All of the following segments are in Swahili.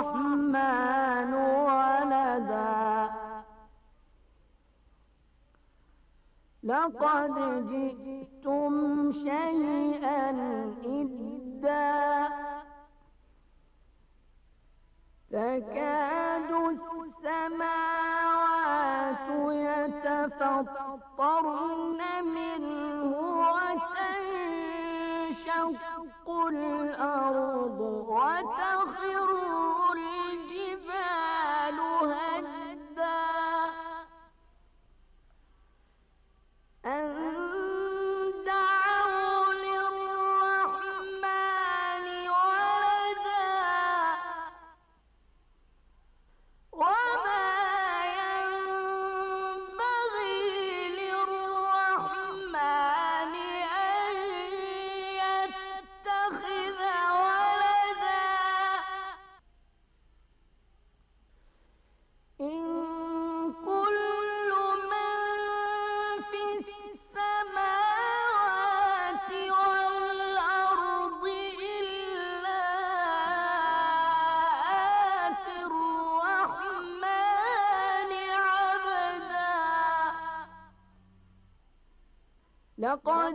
الرحمن ولدا لقد جئتم شيئا إدا تكاد السماوات يتفطرن منه وتنشق الأرض وتنشق لقد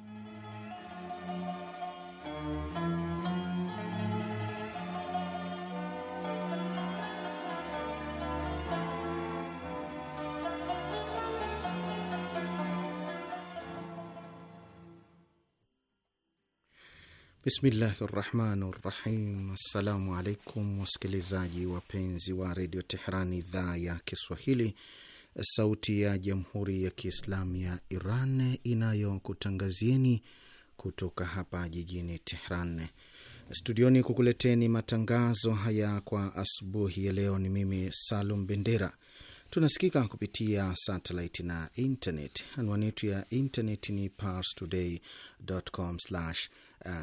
Bismillahi rahmani rahim. Assalamu alaikum wasikilizaji wapenzi wa redio Teherani, idhaa ya Kiswahili, sauti ya jamhuri ya Kiislamu ya Iran inayokutangazieni kutoka hapa jijini Tehran studioni kukuleteni matangazo haya kwa asubuhi ya leo. Ni mimi Salum Bendera. Tunasikika kupitia satellite na internet. Anwani yetu ya internet ni parstoday.com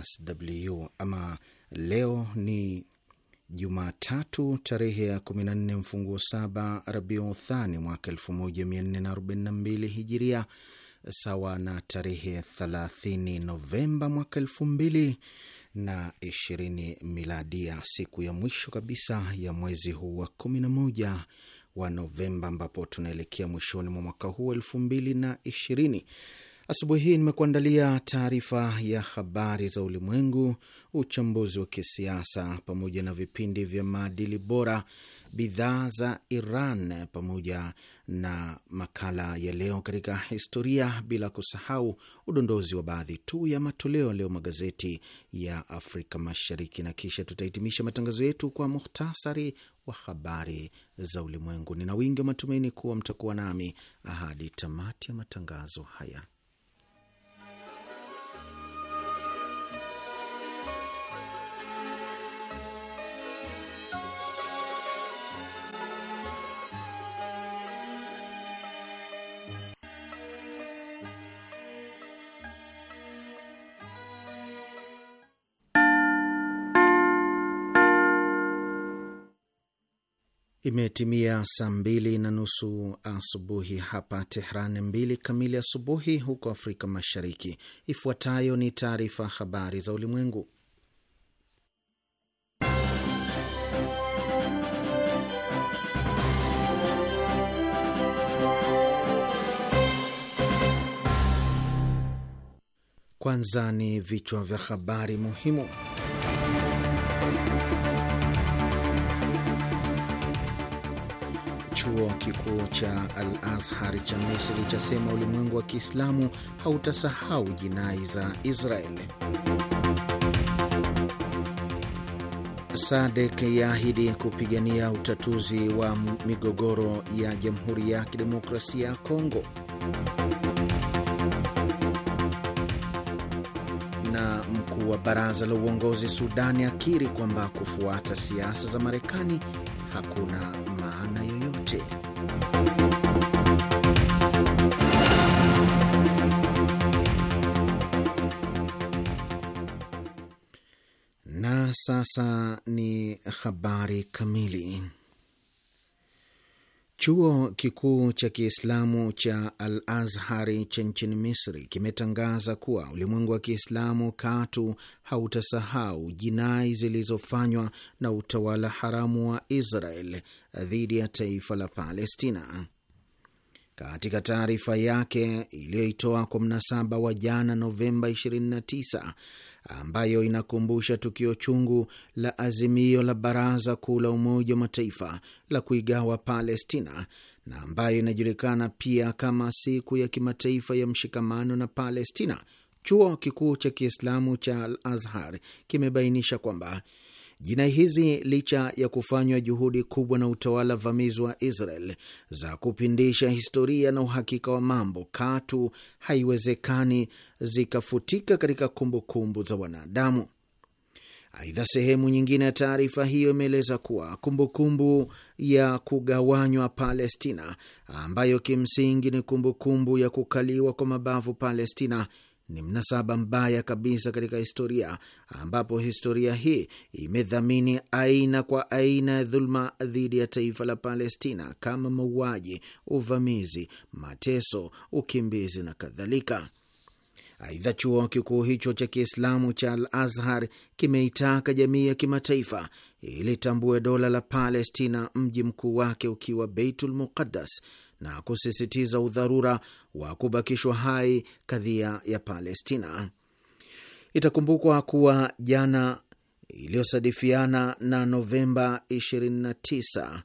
SW. Ama leo ni Jumatatu tarehe ya 14 mfunguo saba Rabiu Thani mwaka 1442 Hijiria, sawa na tarehe 30 Novemba mwaka elfu2na 2020 Miladia, siku ya mwisho kabisa ya mwezi huu wa 11 wa Novemba, ambapo tunaelekea mwishoni mwa mwaka huu elfu mbili na ishirini Asubuhi hii nimekuandalia taarifa ya habari za ulimwengu, uchambuzi wa kisiasa, pamoja na vipindi vya maadili bora, bidhaa za Iran, pamoja na makala ya leo katika historia, bila kusahau udondozi wa baadhi tu ya matoleo leo magazeti ya Afrika Mashariki, na kisha tutahitimisha matangazo yetu kwa muhtasari wa habari za ulimwengu. Nina wingi wa matumaini kuwa mtakuwa nami ahadi tamati ya matangazo haya. Imetimia saa mbili na nusu asubuhi hapa Tehran, mbili kamili asubuhi huko Afrika Mashariki. Ifuatayo ni taarifa habari za ulimwengu, kwanza ni vichwa vya habari muhimu. Chuo kikuu cha Al Azhar cha Misri chasema ulimwengu wa Kiislamu hautasahau jinai za Israel. Sadek yaahidi kupigania utatuzi wa migogoro ya Jamhuri ya Kidemokrasia ya Kongo. Na mkuu wa baraza la uongozi Sudani akiri kwamba kufuata siasa za Marekani hakuna Sasa ni habari kamili. Chuo kikuu cha Kiislamu cha Al Azhari cha nchini Misri kimetangaza kuwa ulimwengu wa Kiislamu katu hautasahau jinai zilizofanywa na utawala haramu wa Israel dhidi ya taifa la Palestina. Katika taarifa yake iliyoitoa kwa mnasaba wa jana Novemba 29 ambayo inakumbusha tukio chungu la azimio la Baraza Kuu la Umoja wa Mataifa la kuigawa Palestina na ambayo inajulikana pia kama Siku ya Kimataifa ya Mshikamano na Palestina. Chuo Kikuu cha Kiislamu cha Al Azhar kimebainisha kwamba Jinai hizi licha ya kufanywa juhudi kubwa na utawala vamizi wa Israel za kupindisha historia na uhakika wa mambo, katu haiwezekani zikafutika katika kumbukumbu za wanadamu. Aidha, sehemu nyingine ya taarifa hiyo imeeleza kuwa kumbukumbu kumbu ya kugawanywa Palestina, ambayo kimsingi ni kumbukumbu kumbu ya kukaliwa kwa mabavu Palestina, ni mnasaba mbaya kabisa katika historia, ambapo historia hii imedhamini aina kwa aina ya dhuluma dhidi ya taifa la Palestina kama mauaji, uvamizi, mateso, ukimbizi na kadhalika. Aidha, chuo kikuu hicho cha Kiislamu cha Al Azhar kimeitaka jamii ya kimataifa ili tambue dola la Palestina, mji mkuu wake ukiwa Beitul Muqaddas na kusisitiza udharura wa kubakishwa hai kadhia ya Palestina. Itakumbukwa kuwa jana iliyosadifiana na Novemba 29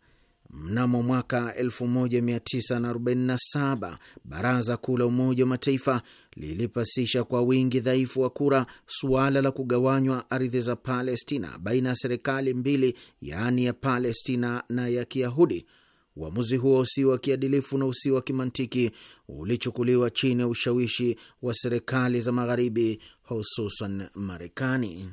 mnamo mwaka 1947 Baraza Kuu la Umoja wa Mataifa lilipasisha kwa wingi dhaifu wa kura suala la kugawanywa ardhi za Palestina baina ya serikali mbili, yaani ya Palestina na ya Kiyahudi Uamuzi huo usio wa kiadilifu na usio wa kimantiki ulichukuliwa chini ya ushawishi wa serikali za Magharibi, hususan Marekani.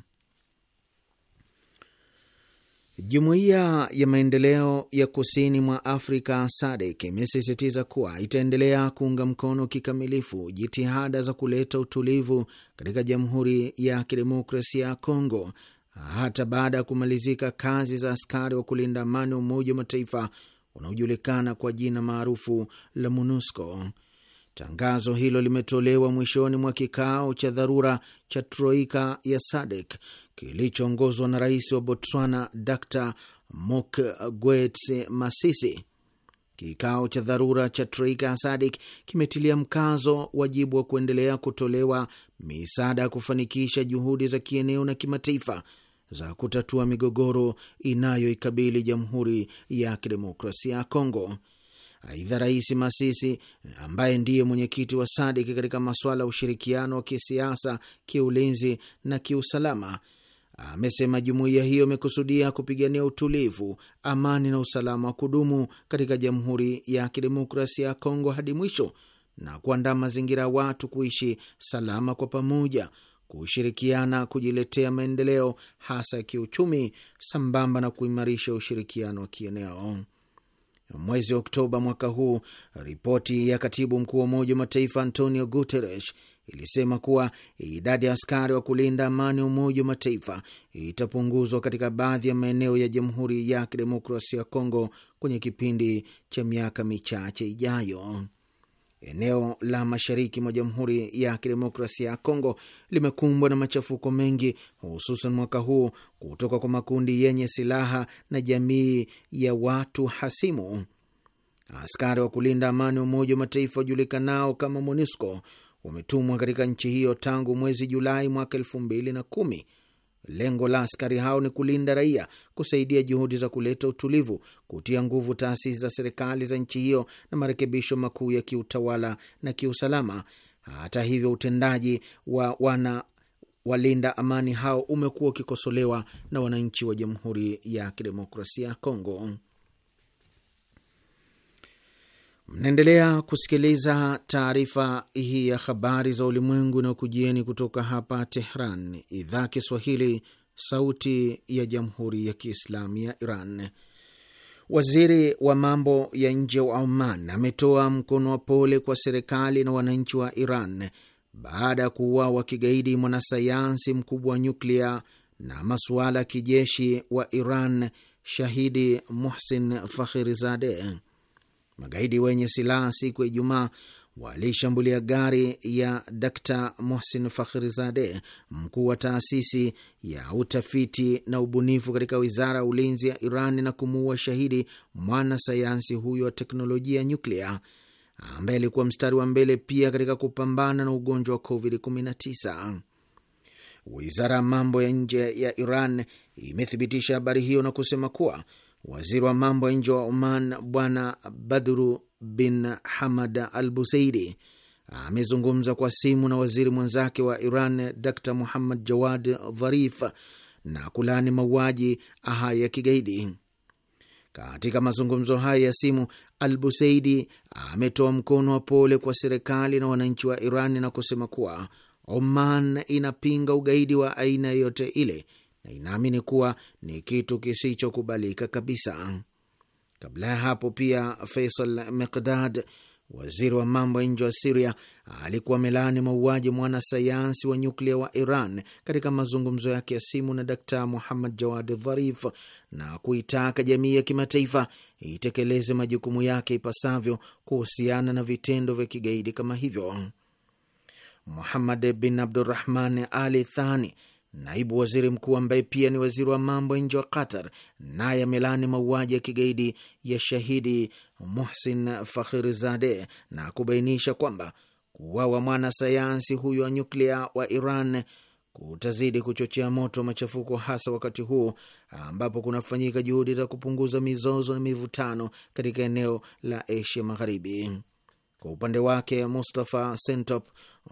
Jumuiya ya maendeleo ya kusini mwa Afrika SADC imesisitiza kuwa itaendelea kuunga mkono kikamilifu jitihada za kuleta utulivu katika Jamhuri ya Kidemokrasia ya Kongo hata baada ya kumalizika kazi za askari wa kulinda amani wa Umoja wa Mataifa unaojulikana kwa jina maarufu la MONUSCO. Tangazo hilo limetolewa mwishoni mwa kikao cha dharura cha troika ya SADC kilichoongozwa na rais wa Botswana Dr Mokgweetsi Masisi. Kikao cha dharura cha troika ya SADC kimetilia mkazo wajibu wa kuendelea kutolewa misaada ya kufanikisha juhudi za kieneo na kimataifa za kutatua migogoro inayoikabili Jamhuri ya Kidemokrasia ya Kongo. Aidha, Rais Masisi ambaye ndiye mwenyekiti wa SADIK katika masuala ya ushirikiano wa kisiasa, kiulinzi na kiusalama amesema jumuiya hiyo imekusudia kupigania utulivu, amani na usalama wa kudumu katika Jamhuri ya Kidemokrasia ya Kongo hadi mwisho na kuandaa mazingira ya watu kuishi salama kwa pamoja kushirikiana kujiletea maendeleo hasa ya kiuchumi sambamba na kuimarisha ushirikiano wa kieneo. Mwezi Oktoba mwaka huu, ripoti ya katibu mkuu wa Umoja wa Mataifa Antonio Guterres ilisema kuwa idadi ya askari wa kulinda amani ya Umoja wa Mataifa itapunguzwa katika baadhi ya maeneo ya Jamhuri ya Kidemokrasia ya Kongo kwenye kipindi cha miaka michache ijayo eneo la mashariki mwa Jamhuri ya Kidemokrasia ya Kongo limekumbwa na machafuko mengi, hususan mwaka huu kutoka kwa makundi yenye silaha na jamii ya watu hasimu. Askari wa kulinda amani wa Umoja wa Mataifa wajulikanao kama MONUSCO wametumwa katika nchi hiyo tangu mwezi Julai mwaka elfu mbili na kumi Lengo la askari hao ni kulinda raia, kusaidia juhudi za kuleta utulivu, kutia nguvu taasisi za serikali za nchi hiyo na marekebisho makuu ya kiutawala na kiusalama. Hata hivyo, utendaji wa wana walinda amani hao umekuwa ukikosolewa na wananchi wa Jamhuri ya Kidemokrasia ya Kongo. Mnaendelea kusikiliza taarifa hii ya habari za ulimwengu na ukujieni kutoka hapa Tehran, idhaa Kiswahili, sauti ya jamhuri ya kiislamu ya Iran. Waziri wa mambo ya nje wa Oman ametoa mkono wa pole kwa serikali na wananchi wa Iran baada ya kuuawa kigaidi mwanasayansi mkubwa wa nyuklia na masuala ya kijeshi wa Iran, shahidi Muhsin Fakhrizadeh magaidi wenye silaha siku ya Ijumaa walishambulia gari ya Dkt Mohsin Fakhrizade, mkuu wa taasisi ya utafiti na ubunifu katika wizara ya ulinzi ya Iran, na kumuua shahidi mwanasayansi huyo wa teknolojia ya nyuklia ambaye alikuwa mstari wa mbele pia katika kupambana na ugonjwa wa COVID-19. Wizara ya mambo ya nje ya Iran imethibitisha habari hiyo na kusema kuwa Waziri wa mambo ya nje wa Oman Bwana Badru bin Hamad al Buseidi amezungumza kwa simu na waziri mwenzake wa Iran Dr Muhammad Jawad Dharif na kulani mauaji haya ya kigaidi. Katika mazungumzo haya ya simu, al Buseidi ametoa mkono wa pole kwa serikali na wananchi wa Iran na kusema kuwa Oman inapinga ugaidi wa aina yoyote ile na inaamini kuwa ni kitu kisichokubalika kabisa. Kabla ya hapo pia, Faisal Miqdad, waziri wa mambo ya nje wa Siria, alikuwa amelaani mauaji mwanasayansi wa nyuklia wa Iran katika mazungumzo yake ya simu na Daktar Muhammad Jawad Dharif na kuitaka jamii ya kimataifa itekeleze majukumu yake ipasavyo kuhusiana na vitendo vya kigaidi kama hivyo. Muhammad bin Abdurahman Ali Thani Naibu waziri mkuu ambaye pia ni waziri wa mambo ya nje wa Qatar naye amelaani mauaji ya kigaidi ya shahidi Muhsin fakhirzade na kubainisha kwamba kuuawa mwanasayansi huyo wa nyuklia wa Iran kutazidi kuchochea moto machafuko, hasa wakati huu ambapo kunafanyika juhudi za kupunguza mizozo na mivutano katika eneo la Asia Magharibi. Kwa upande wake, Mustafa Sentop,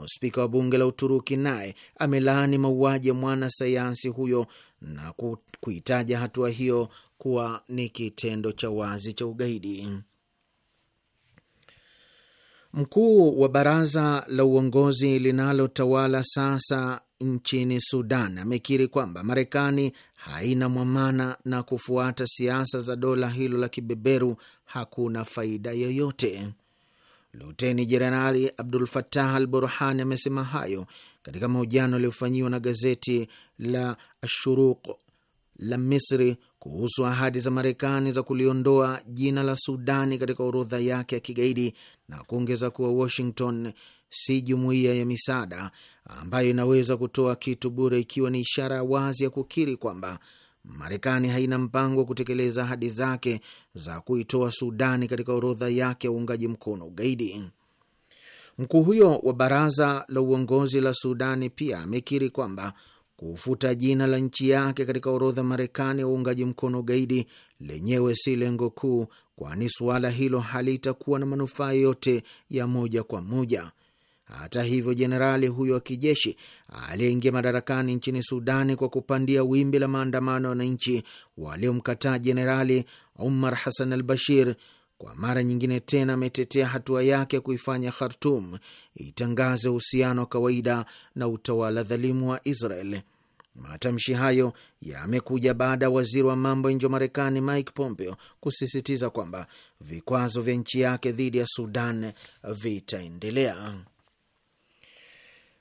spika wa bunge la Uturuki, naye amelaani mauaji ya mwana sayansi huyo na kuitaja hatua hiyo kuwa ni kitendo cha wazi cha ugaidi. Mkuu wa baraza la uongozi linalotawala sasa nchini Sudan amekiri kwamba Marekani haina mwamana na kufuata siasa za dola hilo la kibeberu hakuna faida yoyote. Luteni Jenerali Abdul fatah al Burhani amesema hayo katika mahojiano yaliyofanyiwa na gazeti la Ashuruq la Misri kuhusu ahadi za Marekani za kuliondoa jina la Sudani katika orodha yake ya kigaidi na kuongeza kuwa Washington si jumuiya ya misaada ambayo inaweza kutoa kitu bure, ikiwa ni ishara ya wazi ya kukiri kwamba Marekani haina mpango wa kutekeleza ahadi zake za kuitoa Sudani katika orodha yake ya uungaji mkono ugaidi. Mkuu huyo wa baraza la uongozi la Sudani pia amekiri kwamba kufuta jina la nchi yake katika orodha Marekani ya uungaji mkono ugaidi lenyewe si lengo kuu, kwani suala hilo halitakuwa na manufaa yote ya moja kwa moja. Hata hivyo, jenerali huyo wa kijeshi aliyeingia madarakani nchini Sudani kwa kupandia wimbi la maandamano ya wananchi waliomkataa Jenerali Umar Hassan al Bashir, kwa mara nyingine tena ametetea hatua yake ya kuifanya Khartum itangaze uhusiano wa kawaida na utawala dhalimu wa Israel. Matamshi hayo yamekuja baada ya waziri wa mambo ya nje wa Marekani Mike Pompeo kusisitiza kwamba vikwazo vya nchi yake dhidi ya Sudan vitaendelea.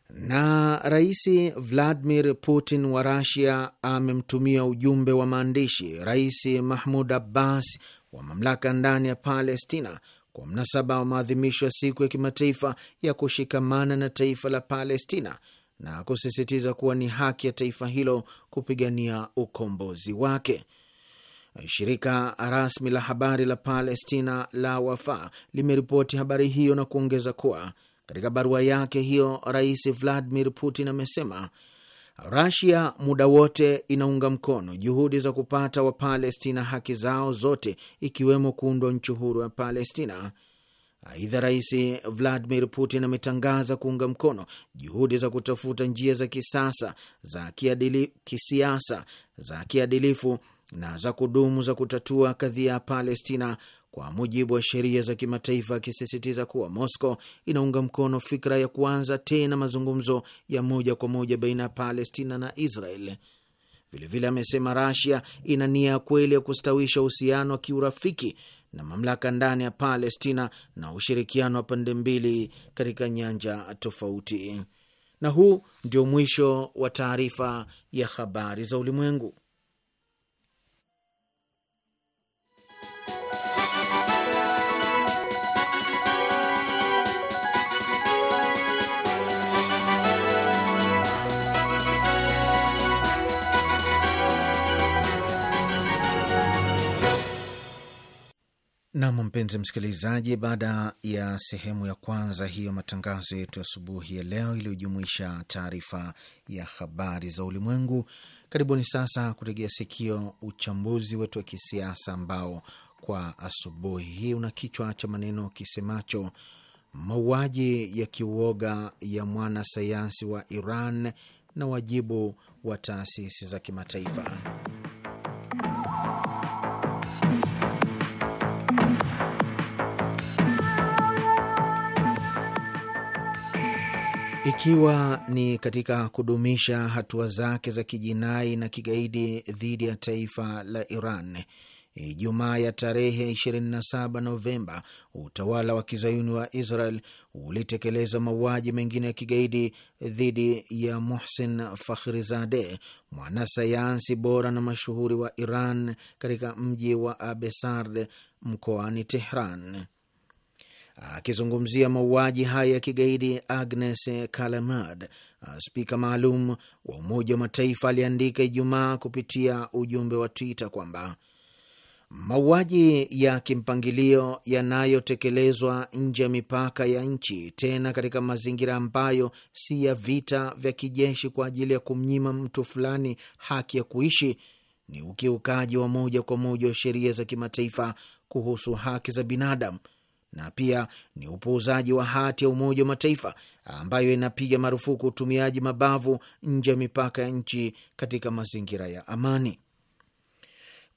Na Rais Vladimir Putin wa Rasia amemtumia ujumbe wa maandishi Rais Mahmud Abbas wa mamlaka ndani ya Palestina kwa mnasaba wa maadhimisho ya siku ya kimataifa ya kushikamana na taifa la Palestina na kusisitiza kuwa ni haki ya taifa hilo kupigania ukombozi wake. Shirika rasmi la habari la Palestina la Wafa limeripoti habari hiyo na kuongeza kuwa katika barua yake hiyo, Rais Vladimir Putin amesema Rasia muda wote inaunga mkono juhudi za kupata Wapalestina haki zao zote ikiwemo kuundwa nchi huru ya Palestina. Aidha, Rais Vladimir Putin ametangaza kuunga mkono juhudi za kutafuta njia za kisasa za kiadili, kisiasa za kiadilifu na za kudumu za kutatua kadhia ya Palestina kwa mujibu wa sheria za kimataifa, akisisitiza kuwa Moscow inaunga mkono fikra ya kuanza tena mazungumzo ya moja kwa moja baina ya Palestina na Israel. Vilevile amesema Rasia ina nia ya kweli ya kustawisha uhusiano wa kiurafiki na mamlaka ndani ya Palestina na ushirikiano wa pande mbili katika nyanja tofauti. Na huu ndio mwisho wa taarifa ya habari za ulimwengu. Nam, mpenzi msikilizaji, baada ya sehemu ya kwanza hiyo matangazo yetu asubuhi ya leo iliyojumuisha taarifa ya habari za ulimwengu, karibuni sasa kutegea sikio uchambuzi wetu wa kisiasa ambao kwa asubuhi hii una kichwa cha maneno kisemacho mauaji ya kiuoga ya mwanasayansi wa Iran na wajibu wa taasisi za kimataifa. ikiwa ni katika kudumisha hatua zake za kijinai na kigaidi dhidi ya taifa la Iran. Ijumaa ya tarehe 27 Novemba, utawala wa kizayuni wa Israel ulitekeleza mauaji mengine ya kigaidi dhidi ya muhsin fakhrizade mwanasayansi bora na mashuhuri wa Iran, katika mji wa Abesard mkoani Tehran. Akizungumzia mauaji haya ya kigaidi, Agnes Kalamard, spika maalum wa Umoja wa Mataifa, aliandika Ijumaa kupitia ujumbe wa Twitter kwamba mauaji ya kimpangilio yanayotekelezwa nje ya mipaka ya nchi, tena katika mazingira ambayo si ya vita vya kijeshi kwa ajili ya kumnyima mtu fulani haki ya kuishi, ni ukiukaji wa moja kwa moja wa sheria za kimataifa kuhusu haki za binadamu na pia ni upuuzaji wa hati ya Umoja wa Mataifa ambayo inapiga marufuku utumiaji mabavu nje ya mipaka ya nchi katika mazingira ya amani.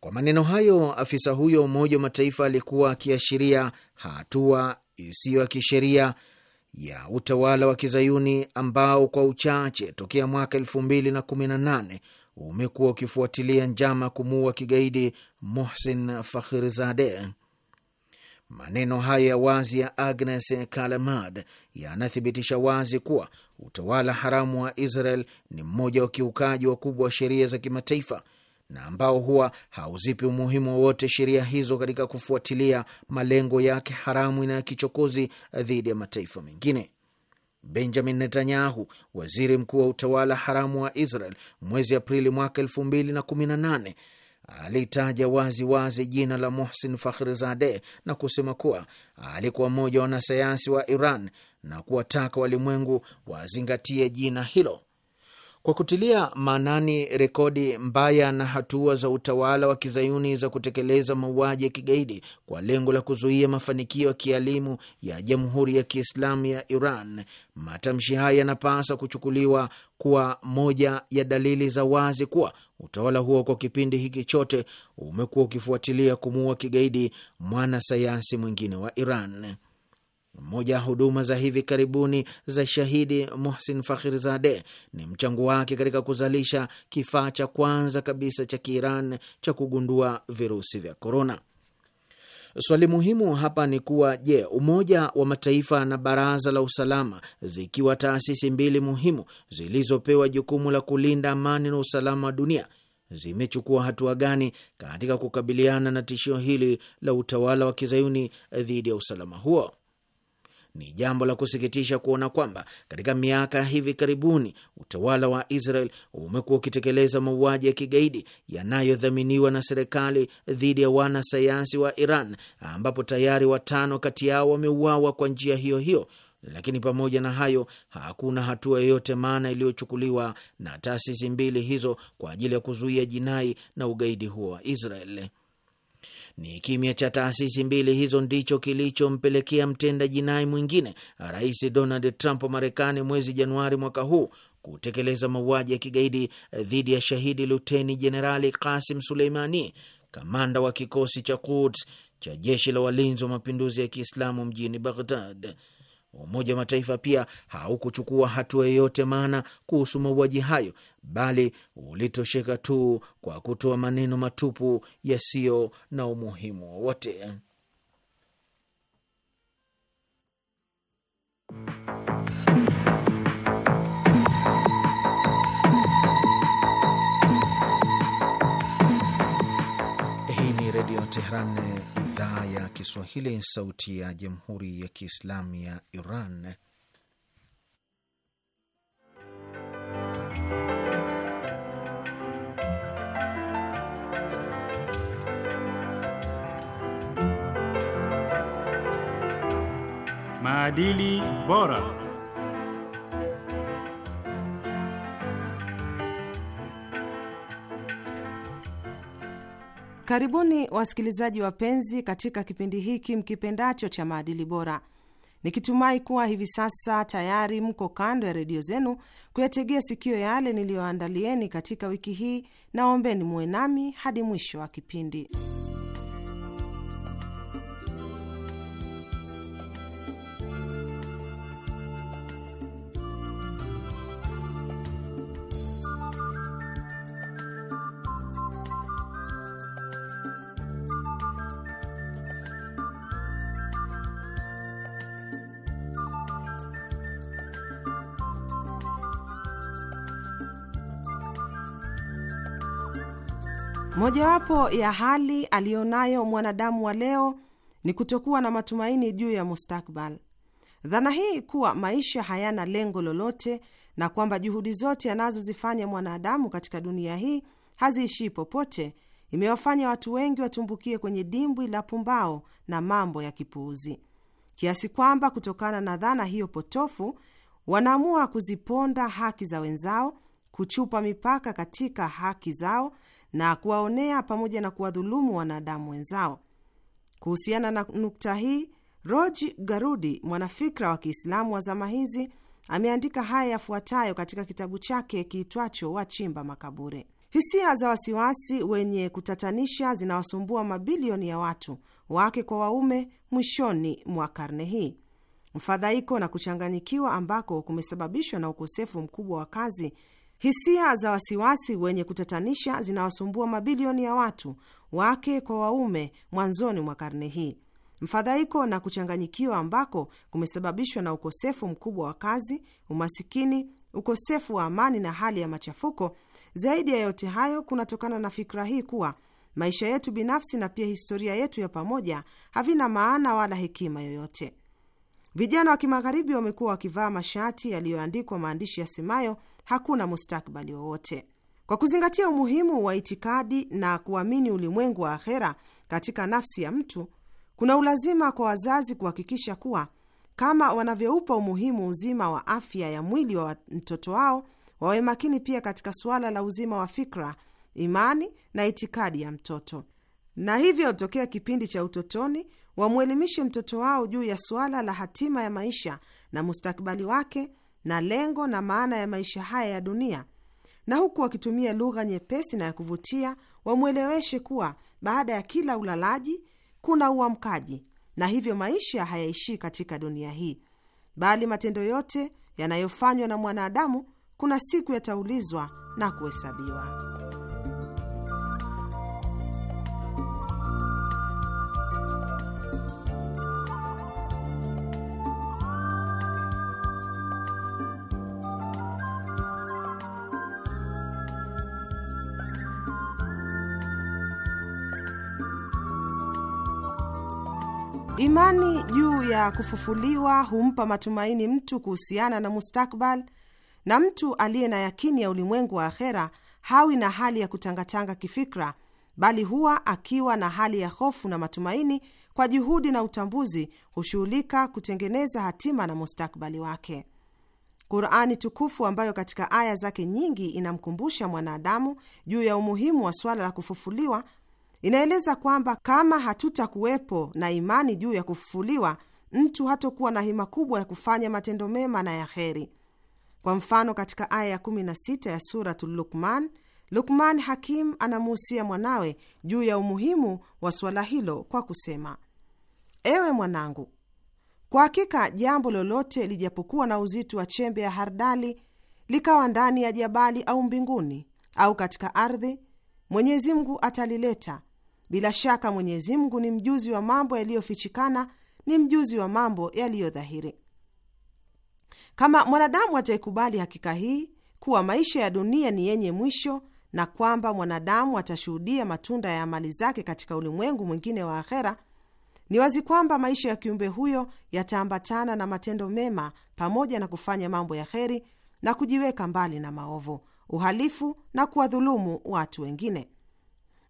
Kwa maneno hayo, afisa huyo wa Umoja wa Mataifa alikuwa akiashiria hatua isiyo ya kisheria ya utawala wa kizayuni ambao kwa uchache tokea mwaka elfu mbili na kumi na nane umekuwa ukifuatilia njama kumuua kigaidi Mohsen Fakhrizadeh. Maneno haya ya wazi ya Agnes Kalamad yanathibitisha wazi kuwa utawala haramu wa Israel ni mmoja wa kiukaji wakubwa wa sheria za kimataifa na ambao huwa hauzipi umuhimu wowote sheria hizo katika kufuatilia malengo yake haramu na ya kichokozi dhidi ya mataifa mengine. Benjamin Netanyahu, waziri mkuu wa utawala haramu wa Israel, mwezi Aprili mwaka elfu mbili na kumi na nane alitaja wazi wazi jina la Mohsin Fakhrizadeh na kusema kuwa alikuwa mmoja wa wanasayansi wa Iran na kuwataka walimwengu wazingatie jina hilo kwa kutilia maanani rekodi mbaya na hatua za utawala wa kizayuni za kutekeleza mauaji ya kigaidi kwa lengo la kuzuia mafanikio ya kialimu ya Jamhuri ya Kiislamu ya Iran, matamshi haya yanapasa kuchukuliwa kuwa moja ya dalili za wazi kuwa utawala huo kwa kipindi hiki chote umekuwa ukifuatilia kumuua kigaidi mwanasayansi mwingine wa Iran. Mmoja ya huduma za hivi karibuni za shahidi Muhsin zade ni mchango wake katika kuzalisha kifaa cha kwanza kabisa cha Kiiran cha kugundua virusi vya korona. Swali muhimu hapa ni kuwa je, Umoja wa Mataifa na Baraza la Usalama zikiwa taasisi mbili muhimu zilizopewa jukumu la kulinda amani na usalama wa dunia zimechukua hatua gani katika kukabiliana na tishio hili la utawala wa kizayuni dhidi ya usalama huo? Ni jambo la kusikitisha kuona kwamba katika miaka hivi karibuni utawala wa Israel umekuwa ukitekeleza mauaji ya kigaidi yanayodhaminiwa na serikali dhidi ya wanasayansi wa Iran, ambapo tayari watano kati yao wameuawa kwa njia hiyo hiyo. Lakini pamoja na hayo, hakuna hatua yoyote maana iliyochukuliwa na taasisi mbili hizo kwa ajili ya kuzuia jinai na ugaidi huo wa Israel. Ni kimya cha taasisi mbili hizo ndicho kilichompelekea mtenda jinai mwingine, Rais Donald Trump wa Marekani, mwezi Januari mwaka huu kutekeleza mauaji ya kigaidi dhidi ya shahidi luteni jenerali Kasim Suleimani, kamanda wa kikosi cha Quds cha jeshi la walinzi wa mapinduzi ya Kiislamu mjini Baghdad. Umoja wa Mataifa pia haukuchukua hatua yoyote maana kuhusu mauaji hayo, bali ulitosheka tu kwa kutoa maneno matupu yasiyo na umuhimu wowote. Hii ni Redio Teheran idhaa ya Kiswahili, sauti ya jamhuri ya kiislamu ya Iran. Maadili bora. Karibuni wasikilizaji wapenzi, katika kipindi hiki mkipendacho cha maadili bora, nikitumai kuwa hivi sasa tayari mko kando ya redio zenu kuyategea sikio yale niliyoandalieni katika wiki hii. Naombeni muwe nami hadi mwisho wa kipindi. Mojawapo ya hali aliyonayo mwanadamu wa leo ni kutokuwa na matumaini juu ya mustakbal. Dhana hii kuwa maisha hayana lengo lolote na kwamba juhudi zote anazozifanya mwanadamu katika dunia hii haziishii popote imewafanya watu wengi watumbukie kwenye dimbwi la pumbao na mambo ya kipuuzi, kiasi kwamba kutokana na dhana hiyo potofu wanaamua kuziponda haki za wenzao, kuchupa mipaka katika haki zao na kuwaonea pamoja na kuwadhulumu wanadamu wenzao. Kuhusiana na nukta hii, Roji Garudi, mwanafikra wa Kiislamu wa zama hizi, ameandika haya yafuatayo katika kitabu chake kiitwacho Wachimba Makaburi. Hisia za wasiwasi wenye kutatanisha zinawasumbua mabilioni ya watu, wake kwa waume, mwishoni mwa karne hii. Mfadhaiko na kuchanganyikiwa ambako kumesababishwa na ukosefu mkubwa wa kazi hisia za wasiwasi wenye kutatanisha zinawasumbua mabilioni ya watu wake kwa waume mwanzoni mwa karne hii. Mfadhaiko na kuchanganyikiwa ambako kumesababishwa na ukosefu mkubwa wa kazi, umasikini, ukosefu wa amani na hali ya machafuko. Zaidi ya yote hayo, kunatokana na fikra hii kuwa maisha yetu binafsi na pia historia yetu ya pamoja havina maana wala hekima yoyote. Vijana wa kimagharibi wamekuwa wakivaa mashati yaliyoandikwa maandishi yasemayo hakuna mustakbali wowote. Kwa kuzingatia umuhimu wa itikadi na kuamini ulimwengu wa akhera katika nafsi ya mtu, kuna ulazima kwa wazazi kuhakikisha kuwa kama wanavyoupa umuhimu uzima wa afya ya mwili wa mtoto wao, wawe makini pia katika suala la uzima wa fikra, imani na itikadi ya mtoto. Na hivyo tokea kipindi cha utotoni wamwelimishe mtoto wao juu ya suala la hatima ya maisha na mustakbali wake na lengo na maana ya maisha haya ya dunia, na huku wakitumia lugha nyepesi na ya kuvutia wamweleweshe kuwa baada ya kila ulalaji kuna uamkaji, na hivyo maisha hayaishii katika dunia hii, bali matendo yote yanayofanywa na mwanadamu kuna siku yataulizwa na kuhesabiwa. Imani juu ya kufufuliwa humpa matumaini mtu kuhusiana na mustakbal, na mtu aliye na yakini ya ulimwengu wa akhera hawi na hali ya kutangatanga kifikra, bali huwa akiwa na hali ya hofu na matumaini. Kwa juhudi na utambuzi hushughulika kutengeneza hatima na mustakbali wake. Qurani tukufu ambayo katika aya zake nyingi inamkumbusha mwanadamu juu ya umuhimu wa swala la kufufuliwa Inaeleza kwamba kama hatutakuwepo na imani juu ya kufufuliwa, mtu hatokuwa na hima kubwa ya kufanya matendo mema na ya heri. Kwa mfano, katika aya ya 16 ya Suratul Lukman, Lukman Hakim anamuhusia mwanawe juu ya umuhimu wa suala hilo kwa kusema: ewe mwanangu, kwa hakika jambo lolote lijapokuwa na uzito wa chembe ya hardali, likawa ndani ya jabali au mbinguni au katika ardhi, Mwenyezi Mungu atalileta bila shaka Mwenyezi Mungu ni mjuzi wa mambo yaliyofichikana, ni mjuzi wa mambo yaliyodhahiri. Kama mwanadamu ataikubali hakika hii kuwa maisha ya dunia ni yenye mwisho na kwamba mwanadamu atashuhudia matunda ya amali zake katika ulimwengu mwingine wa akhera, ni wazi kwamba maisha ya kiumbe huyo yataambatana na matendo mema pamoja na kufanya mambo ya heri na kujiweka mbali na maovu, uhalifu na kuwadhulumu watu wengine.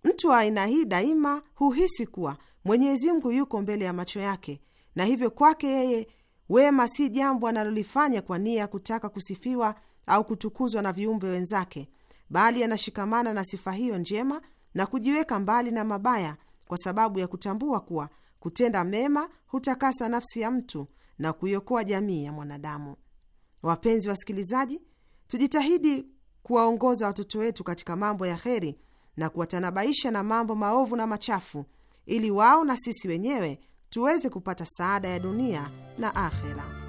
Mtu wa aina hii daima huhisi kuwa Mwenyezi Mungu yuko mbele ya macho yake, na hivyo kwake yeye wema si jambo analolifanya kwa nia ya kutaka kusifiwa au kutukuzwa na viumbe wenzake, bali anashikamana na sifa hiyo njema na kujiweka mbali na mabaya kwa sababu ya kutambua kuwa kutenda mema hutakasa nafsi ya mtu na kuiokoa jamii ya mwanadamu. Wapenzi wasikilizaji, tujitahidi kuwaongoza watoto wetu katika mambo ya heri na kuwatanabaisha na mambo maovu na machafu, ili wao na sisi wenyewe tuweze kupata saada ya dunia na akhera.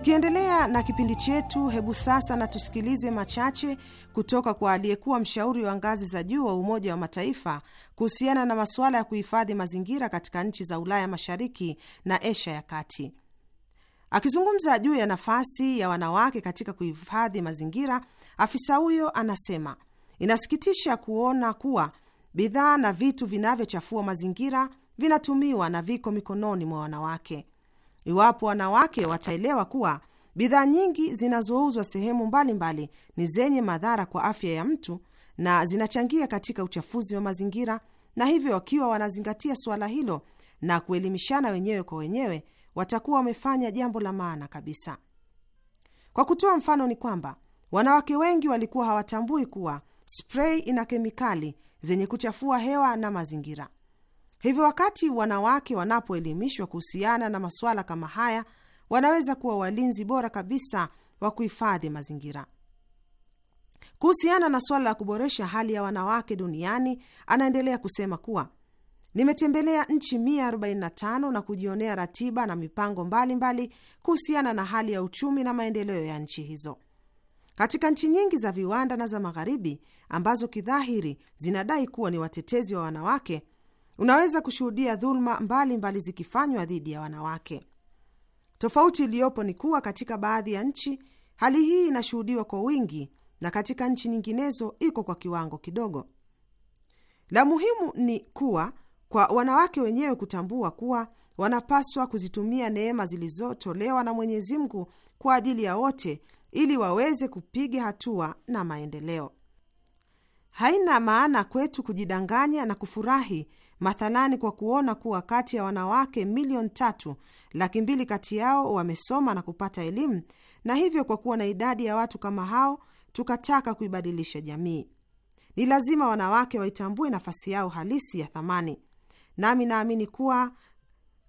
Tukiendelea na kipindi chetu, hebu sasa na tusikilize machache kutoka kwa aliyekuwa mshauri wa ngazi za juu wa Umoja wa Mataifa kuhusiana na masuala ya kuhifadhi mazingira katika nchi za Ulaya Mashariki na Asia ya Kati. Akizungumza juu ya nafasi ya wanawake katika kuhifadhi mazingira, afisa huyo anasema inasikitisha kuona kuwa bidhaa na vitu vinavyochafua mazingira vinatumiwa na viko mikononi mwa wanawake. Iwapo wanawake wataelewa kuwa bidhaa nyingi zinazouzwa sehemu mbalimbali mbali ni zenye madhara kwa afya ya mtu na zinachangia katika uchafuzi wa mazingira, na hivyo wakiwa wanazingatia suala hilo na kuelimishana wenyewe kwa wenyewe, watakuwa wamefanya jambo la maana kabisa. Kwa kutoa mfano, ni kwamba wanawake wengi walikuwa hawatambui kuwa sprei ina kemikali zenye kuchafua hewa na mazingira. Hivyo, wakati wanawake wanapoelimishwa kuhusiana na masuala kama haya, wanaweza kuwa walinzi bora kabisa wa kuhifadhi mazingira. Kuhusiana na suala la kuboresha hali ya wanawake duniani, anaendelea kusema kuwa nimetembelea nchi 145 na kujionea ratiba na mipango mbalimbali kuhusiana na hali ya uchumi na maendeleo ya nchi hizo. Katika nchi nyingi za viwanda na za magharibi ambazo kidhahiri zinadai kuwa ni watetezi wa wanawake, unaweza kushuhudia dhuluma mbalimbali mbali zikifanywa dhidi ya wanawake. Tofauti iliyopo ni kuwa katika baadhi ya nchi hali hii inashuhudiwa kwa wingi na katika nchi nyinginezo iko kwa kiwango kidogo. La muhimu ni kuwa kwa wanawake wenyewe kutambua kuwa wanapaswa kuzitumia neema zilizotolewa na Mwenyezi Mungu kwa ajili ya wote ili waweze kupiga hatua na maendeleo. Haina maana kwetu kujidanganya na kufurahi mathalani kwa kuona kuwa kati ya wanawake milioni tatu laki mbili kati yao wamesoma na kupata elimu, na hivyo kwa kuwa na idadi ya watu kama hao tukataka kuibadilisha jamii. Ni lazima wanawake waitambue nafasi yao halisi ya thamani, nami naamini kuwa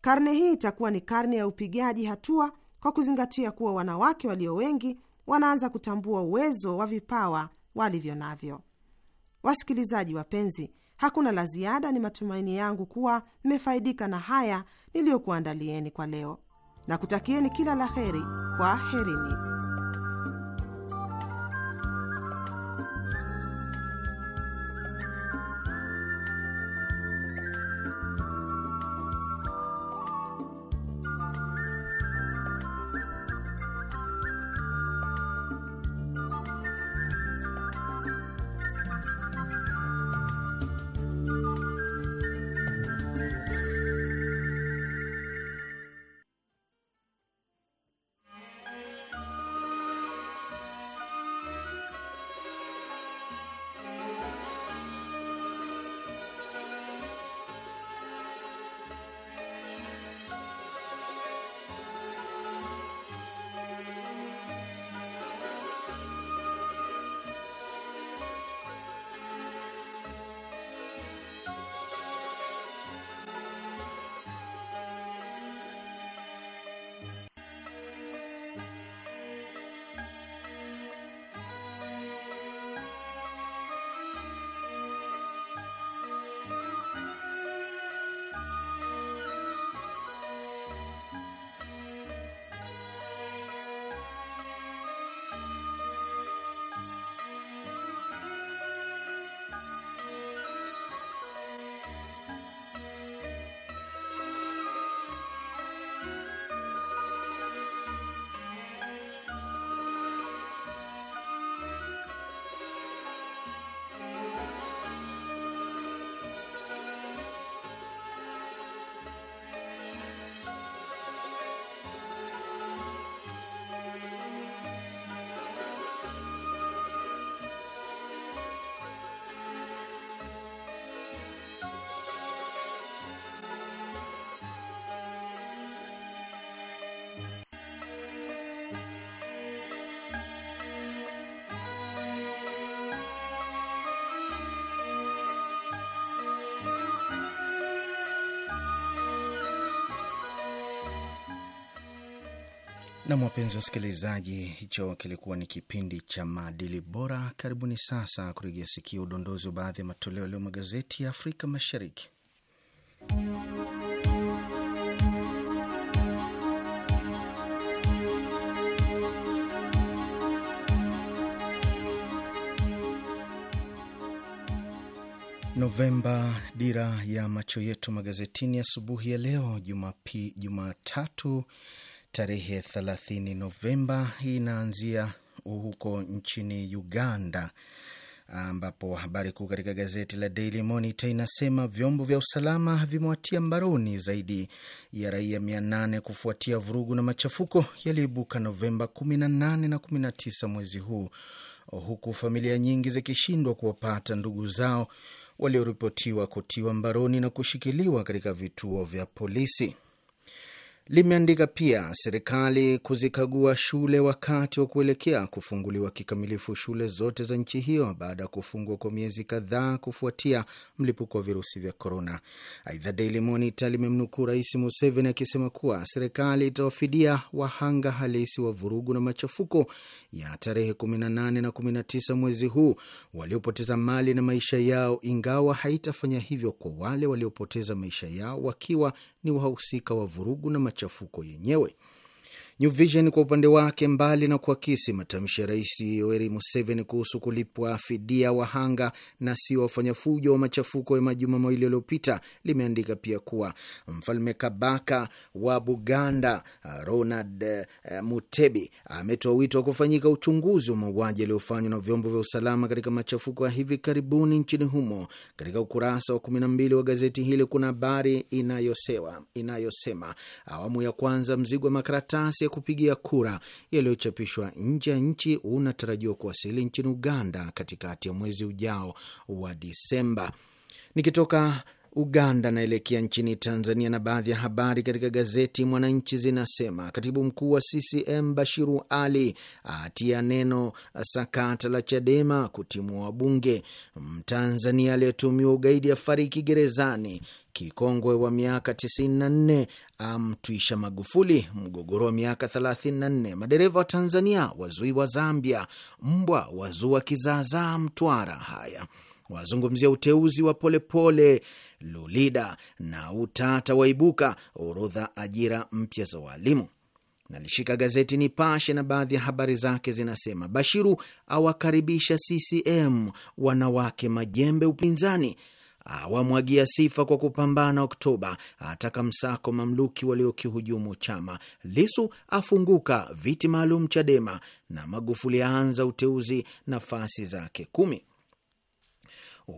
karne hii itakuwa ni karne ya upigaji hatua, kwa kuzingatia kuwa wanawake walio wengi wanaanza kutambua uwezo wa vipawa walivyo navyo. Wasikilizaji wapenzi, Hakuna la ziada. Ni matumaini yangu kuwa mmefaidika na haya niliyokuandalieni kwa leo, na kutakieni kila la heri. kwa Kwaherini. Nam, wapenzi wasikilizaji, hicho kilikuwa ni kipindi cha maadili bora. Karibuni sasa kurejea sikia udondozi wa baadhi ya matoleo leo magazeti ya Afrika Mashariki. Novemba, dira ya macho yetu magazetini asubuhi ya, ya leo Jumatatu tarehe 30 Novemba inaanzia huko nchini Uganda ambapo habari kuu katika gazeti la Daily Monitor inasema vyombo vya usalama vimewatia mbaroni zaidi ya raia 800 kufuatia vurugu na machafuko yaliyoibuka Novemba 18 na 19 mwezi huu, huku familia nyingi zikishindwa kuwapata ndugu zao walioripotiwa kutiwa mbaroni na kushikiliwa katika vituo vya polisi limeandika pia serikali kuzikagua shule wakati wa kuelekea kufunguliwa kikamilifu shule zote za nchi hiyo baada ya kufungwa kwa miezi kadhaa kufuatia mlipuko wa virusi vya korona. Aidha, Daily Monitor limemnukuu Rais Museveni akisema kuwa serikali itawafidia wahanga halisi wa vurugu na machafuko ya tarehe 18 na 19 mwezi huu waliopoteza mali na maisha yao, ingawa haitafanya hivyo kwa wale waliopoteza maisha yao wakiwa ni wahusika wa vurugu na machafuko machafuko yenyewe. New Vision kwa upande wake, mbali na kuakisi matamshi ya Rais Yoweri Museveni kuhusu kulipwa fidia wahanga na si wafanya fujo wa machafuko ya majuma mawili yaliyopita, limeandika pia kuwa Mfalme Kabaka wa Buganda Ronald eh, Mutebi ametoa wito wa kufanyika uchunguzi wa mauaji yaliyofanywa na vyombo vya usalama katika machafuko ya hivi karibuni nchini humo. Katika ukurasa wa 12 wa gazeti hili kuna habari inayosema awamu ya kwanza mzigo wa makaratasi kupigia kura yaliyochapishwa nje ya nchi unatarajiwa kuwasili nchini Uganda katikati ya mwezi ujao wa Disemba. Nikitoka Uganda naelekea nchini Tanzania, na baadhi ya habari katika gazeti Mwananchi zinasema katibu mkuu wa CCM Bashiru Ali atia neno sakata la Chadema kutimua wabunge. Mtanzania aliyetumiwa ugaidi afariki gerezani kikongwe wa miaka 94 amtwisha Magufuli, mgogoro wa miaka 34, madereva wa Tanzania wazuiwa Zambia, mbwa wazua kizaazaa Mtwara. Haya, wazungumzia uteuzi wa Polepole pole, Lulida na utata waibuka, orodha ajira mpya za waalimu. Nalishika gazeti Nipashe na baadhi ya habari zake zinasema: Bashiru awakaribisha CCM, wanawake majembe upinzani awamwagia sifa kwa kupambana Oktoba, ataka msako mamluki waliokihujumu chama. Lisu afunguka viti maalum Chadema, na Magufuli aanza uteuzi nafasi zake kumi.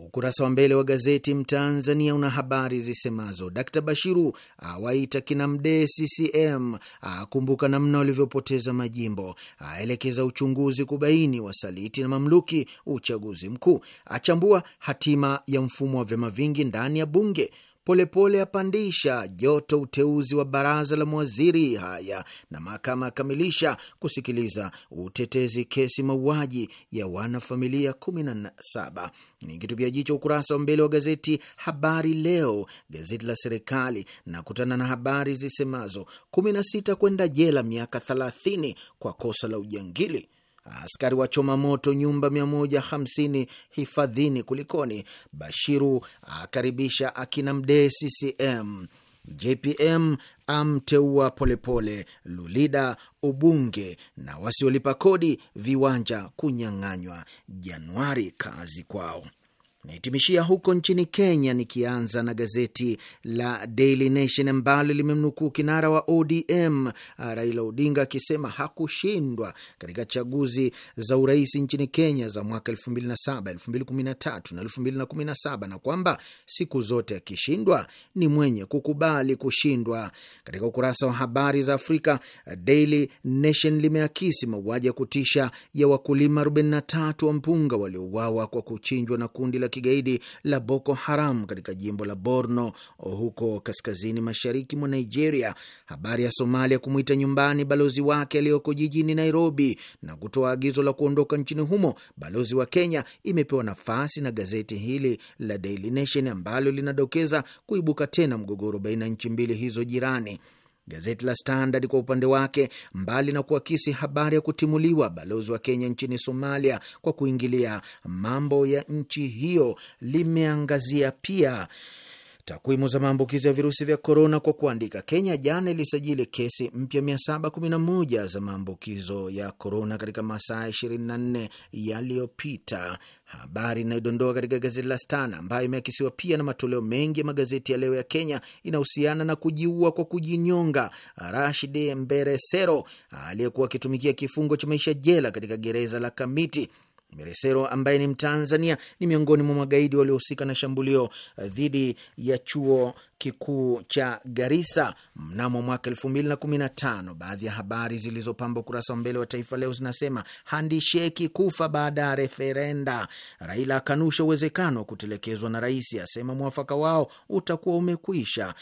Ukurasa wa mbele wa gazeti Mtanzania una habari zisemazo: Dkt Bashiru awaita kina Mdee CCM, akumbuka namna walivyopoteza majimbo, aelekeza uchunguzi kubaini wasaliti na mamluki uchaguzi mkuu, achambua hatima ya mfumo wa vyama vingi ndani ya Bunge, polepole apandisha joto uteuzi wa baraza la mawaziri. Haya, na mahakama akamilisha kusikiliza utetezi kesi mauaji ya wanafamilia 17. kitupia jicho ukurasa wa mbele wa gazeti Habari Leo, gazeti la serikali, na kutana na habari zisemazo 16 kwenda jela miaka 30 kwa kosa la ujangili Askari wachoma moto nyumba 150 hifadhini. Kulikoni? Bashiru akaribisha akina Mdee CCM, JPM amteua Polepole, Lulida ubunge, na wasiolipa kodi viwanja kunyang'anywa. Januari kazi kwao. Nahitimishia huko nchini Kenya, nikianza na gazeti la Daily Nation ambalo limemnukuu kinara wa ODM ah, Raila Odinga akisema hakushindwa katika chaguzi za urais nchini Kenya za mwaka 2007, 2013 na 2017 na kwamba siku zote akishindwa ni mwenye kukubali kushindwa. Katika ukurasa wa habari za Afrika, ah, Daily Nation limeakisi mauaji ya kutisha ya wakulima 43 wa mpunga waliouawa kwa kuchinjwa na kundi la kigaidi la Boko Haram katika jimbo la Borno huko kaskazini mashariki mwa Nigeria. Habari ya Somalia kumwita nyumbani balozi wake aliyoko jijini Nairobi na kutoa agizo la kuondoka nchini humo balozi wa Kenya imepewa nafasi na gazeti hili la Daily Nation ambalo linadokeza kuibuka tena mgogoro baina ya nchi mbili hizo jirani. Gazeti la Standard kwa upande wake, mbali na kuakisi habari ya kutimuliwa balozi wa Kenya nchini Somalia kwa kuingilia mambo ya nchi hiyo, limeangazia pia takwimu za maambukizi ya virusi vya korona kwa kuandika. Kenya jana ilisajili kesi mpya 711 za maambukizo ya korona katika masaa 24 yaliyopita, habari inayodondoa katika gazeti la stan ambayo imeakisiwa pia na matoleo mengi ya magazeti ya leo ya Kenya inahusiana na kujiua kwa kujinyonga. Rashid Mberesero aliyekuwa akitumikia kifungo cha maisha jela katika gereza la Kamiti Meresero ambaye ni Mtanzania ni miongoni mwa magaidi waliohusika na shambulio dhidi ya chuo kikuu cha Garissa mnamo mwaka elfu mbili na kumi na tano. Baadhi ya habari zilizopamba ukurasa wa mbele wa Taifa Leo zinasema Handi Sheki kufa baada ya referenda, Raila akanusha uwezekano wa kutelekezwa na rais, asema mwafaka wao utakuwa umekwisha,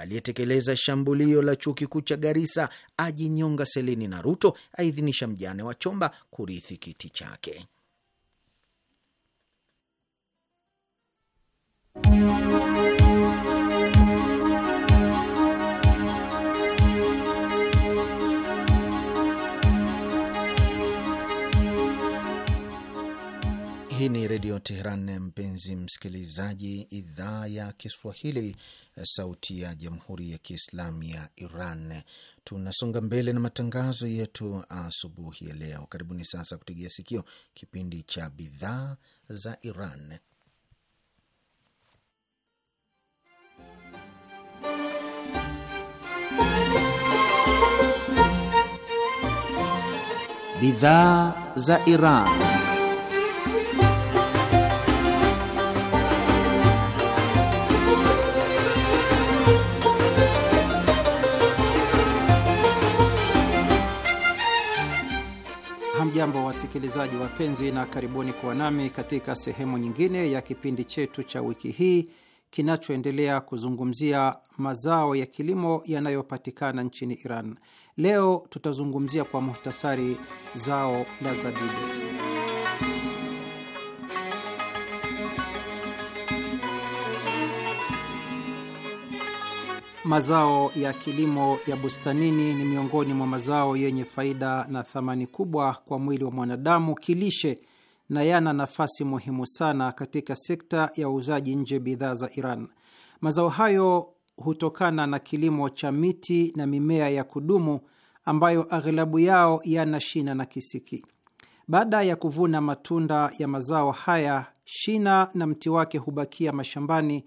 aliyetekeleza shambulio la chuo kikuu cha Garissa ajinyonga selini, na Ruto aidhinisha mjane wa Chomba kurithi kiti chake. Hii ni Redio Teheran, mpenzi msikilizaji, idhaa ya Kiswahili, sauti ya Jamhuri ya Kiislamu ya Iran. Tunasonga mbele na matangazo yetu asubuhi ya leo. Karibuni sasa kutegea sikio kipindi cha bidhaa za Iran. bidhaa za Iran. Hamjambo wasikilizaji wapenzi, na karibuni kuwa nami katika sehemu nyingine ya kipindi chetu cha wiki hii kinachoendelea kuzungumzia mazao ya kilimo yanayopatikana nchini Iran. Leo tutazungumzia kwa muhtasari zao la zabibu. Mazao ya kilimo ya bustanini ni miongoni mwa mazao yenye faida na thamani kubwa kwa mwili wa mwanadamu kilishe, na yana nafasi muhimu sana katika sekta ya uuzaji nje bidhaa za Iran. Mazao hayo hutokana na kilimo cha miti na mimea ya kudumu ambayo aghlabu yao yana shina na kisiki. Baada ya kuvuna matunda ya mazao haya, shina na mti wake hubakia mashambani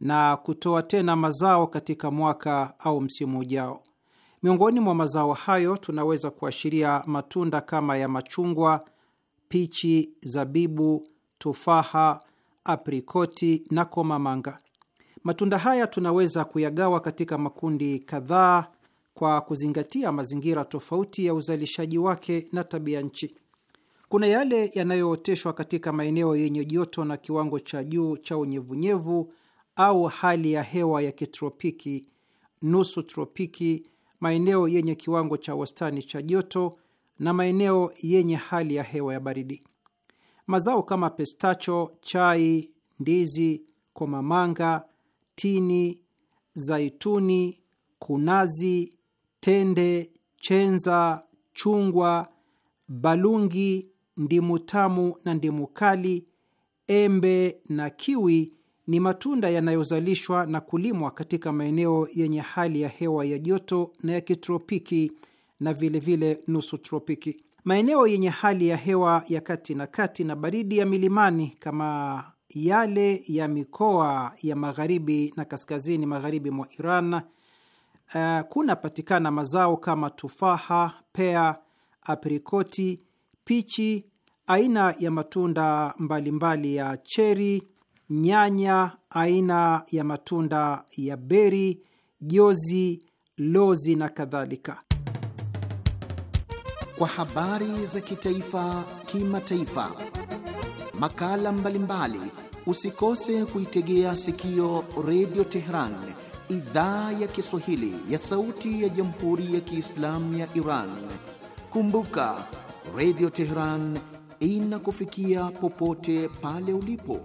na kutoa tena mazao katika mwaka au msimu ujao. Miongoni mwa mazao hayo tunaweza kuashiria matunda kama ya machungwa, pichi, zabibu, tufaha, aprikoti na komamanga. Matunda haya tunaweza kuyagawa katika makundi kadhaa kwa kuzingatia mazingira tofauti ya uzalishaji wake na tabia nchi. Kuna yale yanayooteshwa katika maeneo yenye joto na kiwango cha juu cha unyevunyevu au hali ya hewa ya kitropiki, nusu tropiki, maeneo yenye kiwango cha wastani cha joto na maeneo yenye hali ya hewa ya baridi. Mazao kama pestacho, chai, ndizi, komamanga, tini, zaituni, kunazi, tende, chenza, chungwa, balungi, ndimu tamu na ndimu kali, embe na kiwi ni matunda yanayozalishwa na kulimwa katika maeneo yenye hali ya hewa ya joto na ya kitropiki na vilevile vile nusu tropiki. Maeneo yenye hali ya hewa ya kati na kati na baridi ya milimani kama yale ya mikoa ya magharibi na kaskazini magharibi mwa Iran uh, kunapatikana mazao kama tufaha, pea, aprikoti, pichi, aina ya matunda mbalimbali mbali ya cheri, nyanya, aina ya matunda ya beri, jozi, lozi na kadhalika. Kwa habari za kitaifa, kimataifa, makala mbalimbali mbali usikose kuitegea sikio Redio Teheran, idhaa ya Kiswahili ya sauti ya jamhuri ya Kiislamu ya Iran. Kumbuka, Redio Teheran inakufikia popote pale ulipo.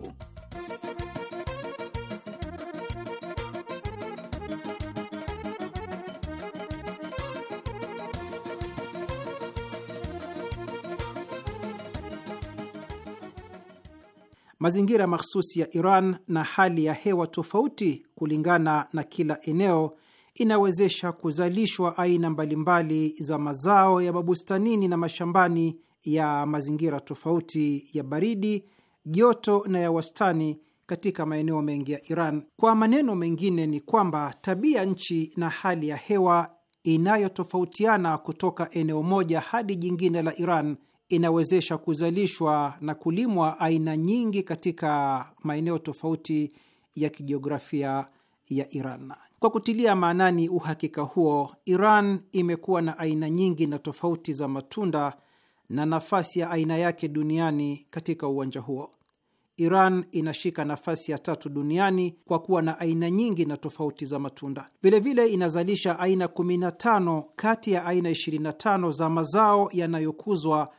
mazingira mahsusi ya Iran na hali ya hewa tofauti kulingana na kila eneo inawezesha kuzalishwa aina mbalimbali za mazao ya mabustanini na mashambani ya mazingira tofauti ya baridi, joto na ya wastani katika maeneo mengi ya Iran. Kwa maneno mengine, ni kwamba tabia nchi na hali ya hewa inayotofautiana kutoka eneo moja hadi jingine la Iran inawezesha kuzalishwa na kulimwa aina nyingi katika maeneo tofauti ya kijiografia ya Iran. Kwa kutilia maanani uhakika huo, Iran imekuwa na aina nyingi na tofauti za matunda na nafasi ya aina yake duniani katika uwanja huo. Iran inashika nafasi ya tatu duniani kwa kuwa na aina nyingi na tofauti za matunda. Vilevile inazalisha aina 15 kati ya aina 25 za mazao yanayokuzwa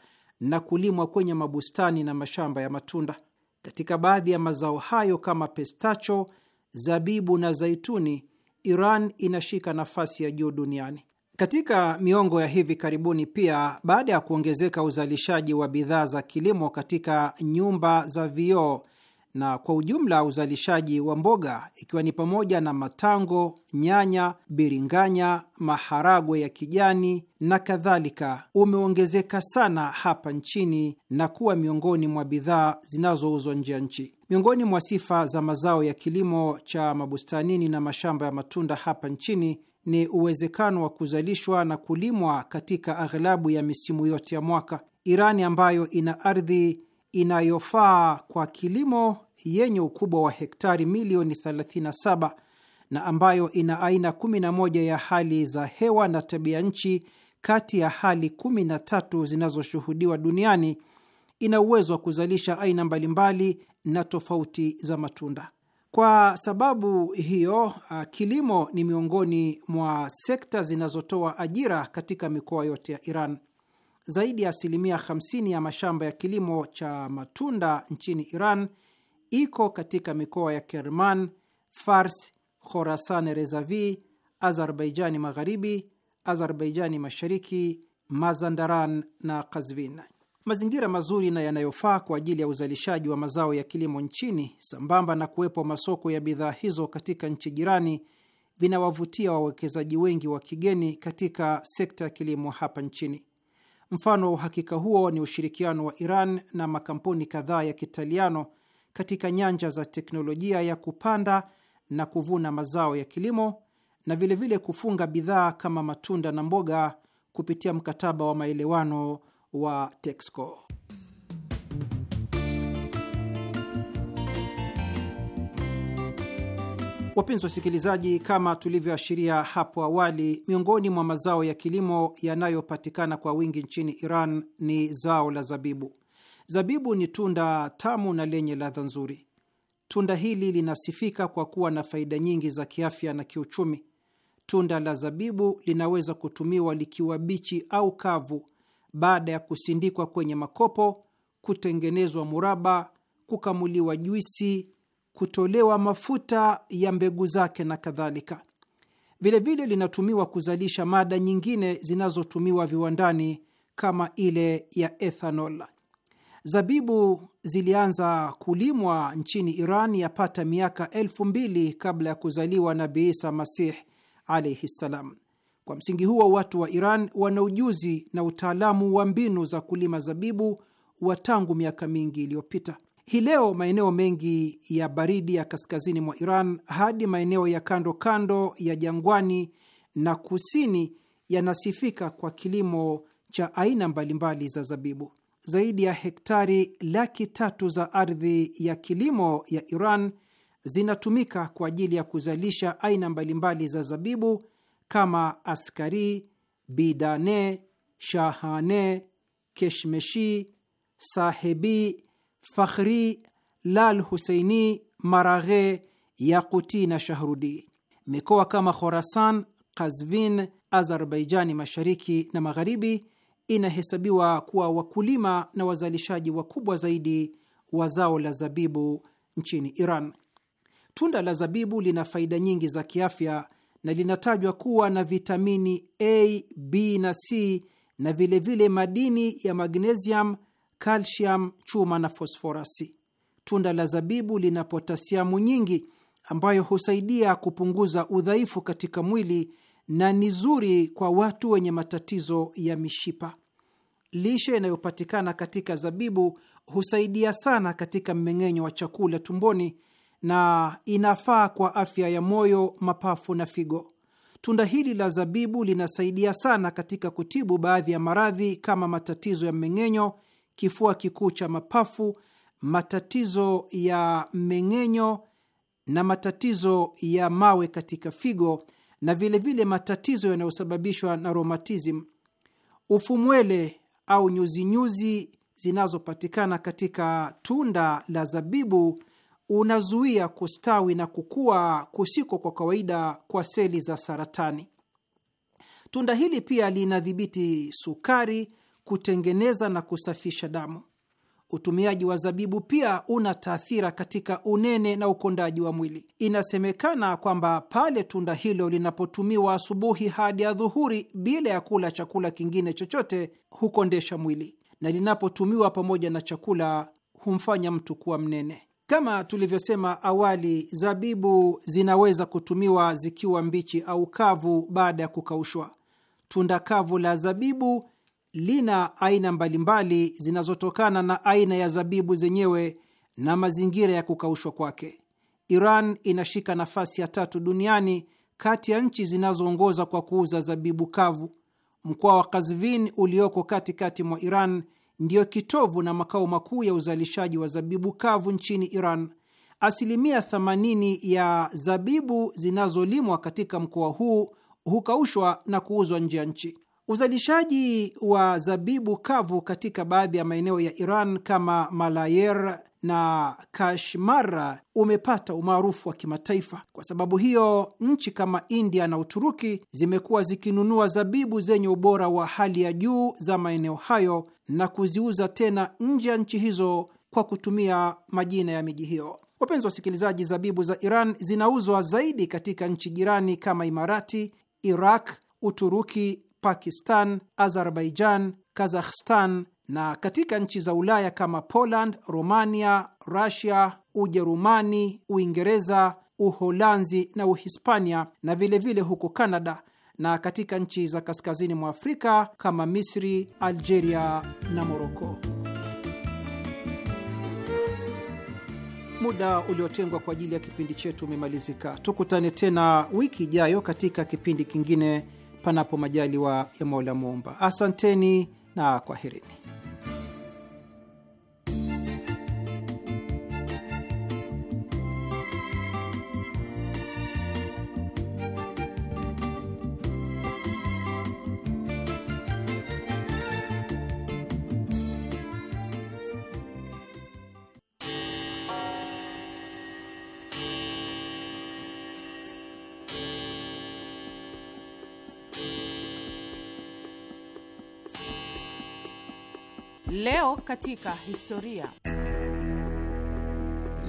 na kulimwa kwenye mabustani na mashamba ya matunda. Katika baadhi ya mazao hayo kama pestacho, zabibu na zaituni, Iran inashika nafasi ya juu duniani. Katika miongo ya hivi karibuni pia, baada ya kuongezeka uzalishaji wa bidhaa za kilimo katika nyumba za vioo na kwa ujumla uzalishaji wa mboga ikiwa ni pamoja na matango, nyanya, biringanya, maharagwe ya kijani na kadhalika umeongezeka sana hapa nchini na kuwa miongoni mwa bidhaa zinazouzwa nje ya nchi. Miongoni mwa sifa za mazao ya kilimo cha mabustanini na mashamba ya matunda hapa nchini ni uwezekano wa kuzalishwa na kulimwa katika aghlabu ya misimu yote ya mwaka. Irani ambayo ina ardhi inayofaa kwa kilimo yenye ukubwa wa hektari milioni 37 na ambayo ina aina 11 ya hali za hewa na tabia nchi kati ya hali 13 zinazoshuhudiwa duniani, ina uwezo wa kuzalisha aina mbalimbali na tofauti za matunda. Kwa sababu hiyo, kilimo ni miongoni mwa sekta zinazotoa ajira katika mikoa yote ya Iran. Zaidi ya asilimia 50 ya mashamba ya kilimo cha matunda nchini Iran iko katika mikoa ya Kerman, Fars, Khorasan Rezavi, Azerbaijani Magharibi, Azerbaijani Mashariki, Mazandaran na Kazvin. Mazingira mazuri na yanayofaa kwa ajili ya uzalishaji wa mazao ya kilimo nchini sambamba na kuwepo masoko ya bidhaa hizo katika nchi jirani vinawavutia wawekezaji wengi wa kigeni katika sekta ya kilimo hapa nchini. Mfano wa uhakika huo ni ushirikiano wa Iran na makampuni kadhaa ya Kitaliano katika nyanja za teknolojia ya kupanda na kuvuna mazao ya kilimo na vilevile vile kufunga bidhaa kama matunda na mboga kupitia mkataba wa maelewano wa Texco. Wapenzi wasikilizaji, kama tulivyoashiria hapo awali, miongoni mwa mazao ya kilimo yanayopatikana kwa wingi nchini Iran ni zao la zabibu. Zabibu ni tunda tamu na lenye ladha nzuri. Tunda hili linasifika kwa kuwa na faida nyingi za kiafya na kiuchumi. Tunda la zabibu linaweza kutumiwa likiwa bichi au kavu, baada ya kusindikwa kwenye makopo, kutengenezwa muraba, kukamuliwa juisi, kutolewa mafuta ya mbegu zake na kadhalika. Vilevile linatumiwa kuzalisha mada nyingine zinazotumiwa viwandani kama ile ya ethanol. Zabibu zilianza kulimwa nchini Iran yapata miaka elfu mbili kabla ya kuzaliwa Nabi Isa Masih alaihi ssalam. Kwa msingi huo, watu wa Iran wana ujuzi na utaalamu wa mbinu za kulima zabibu wa tangu miaka mingi iliyopita. Hii leo maeneo mengi ya baridi ya kaskazini mwa Iran hadi maeneo ya kando kando ya jangwani na kusini yanasifika kwa kilimo cha aina mbalimbali za zabibu zaidi ya hektari laki tatu za ardhi ya kilimo ya Iran zinatumika kwa ajili ya kuzalisha aina mbalimbali za zabibu kama askari, bidane, shahane, keshmeshi, sahebi, fakhri, lal huseini, maraghe, yakuti na shahrudi. Mikoa kama Khorasan, Kazvin, Azerbaijani mashariki na magharibi inahesabiwa kuwa wakulima na wazalishaji wakubwa zaidi wa zao la zabibu nchini Iran. Tunda la zabibu lina faida nyingi za kiafya na linatajwa kuwa na vitamini A, B na C na vilevile vile madini ya magnesium, calcium, chuma na fosforasi. Tunda la zabibu lina potasiamu nyingi ambayo husaidia kupunguza udhaifu katika mwili na ni zuri kwa watu wenye matatizo ya mishipa. Lishe inayopatikana katika zabibu husaidia sana katika mmeng'enyo wa chakula tumboni na inafaa kwa afya ya moyo, mapafu na figo. Tunda hili la zabibu linasaidia sana katika kutibu baadhi ya maradhi kama matatizo ya mmeng'enyo, kifua kikuu cha mapafu, matatizo ya mmeng'enyo na matatizo ya mawe katika figo na vilevile vile matatizo yanayosababishwa na romatism, ufumwele au nyuzinyuzi zinazopatikana katika tunda la zabibu unazuia kustawi na kukua kusiko kwa kawaida kwa seli za saratani. Tunda hili pia linadhibiti sukari, kutengeneza na kusafisha damu. Utumiaji wa zabibu pia una taathira katika unene na ukondaji wa mwili. Inasemekana kwamba pale tunda hilo linapotumiwa asubuhi hadi adhuhuri bila ya kula chakula kingine chochote hukondesha mwili, na linapotumiwa pamoja na chakula humfanya mtu kuwa mnene. Kama tulivyosema awali, zabibu zinaweza kutumiwa zikiwa mbichi au kavu baada ya kukaushwa. Tunda kavu la zabibu lina aina mbalimbali zinazotokana na aina ya zabibu zenyewe na mazingira ya kukaushwa kwake. Iran inashika nafasi ya tatu duniani kati ya nchi zinazoongoza kwa kuuza zabibu kavu. Mkoa wa Kazvin ulioko katikati mwa Iran ndiyo kitovu na makao makuu ya uzalishaji wa zabibu kavu nchini Iran. Asilimia 80 ya zabibu zinazolimwa katika mkoa huu hukaushwa na kuuzwa nje ya nchi. Uzalishaji wa zabibu kavu katika baadhi ya maeneo ya Iran kama Malayer na kashmara umepata umaarufu wa kimataifa. Kwa sababu hiyo, nchi kama India na Uturuki zimekuwa zikinunua zabibu zenye ubora wa hali ya juu za maeneo hayo na kuziuza tena nje ya nchi hizo kwa kutumia majina ya miji hiyo. Wapenzi wa wasikilizaji, zabibu za Iran zinauzwa zaidi katika nchi jirani kama Imarati, Iraq, Uturuki Pakistan, Azerbaijan, Kazakhstan na katika nchi za Ulaya kama Poland, Romania, Rusia, Ujerumani, Uingereza, Uholanzi na Uhispania na vilevile vile huko Kanada na katika nchi za kaskazini mwa Afrika kama Misri, Algeria na Moroko. Muda uliotengwa kwa ajili ya kipindi chetu umemalizika. Tukutane tena wiki ijayo katika kipindi kingine panapo majaliwa ya Mola Muumba. Asanteni na kwaherini. Leo katika historia.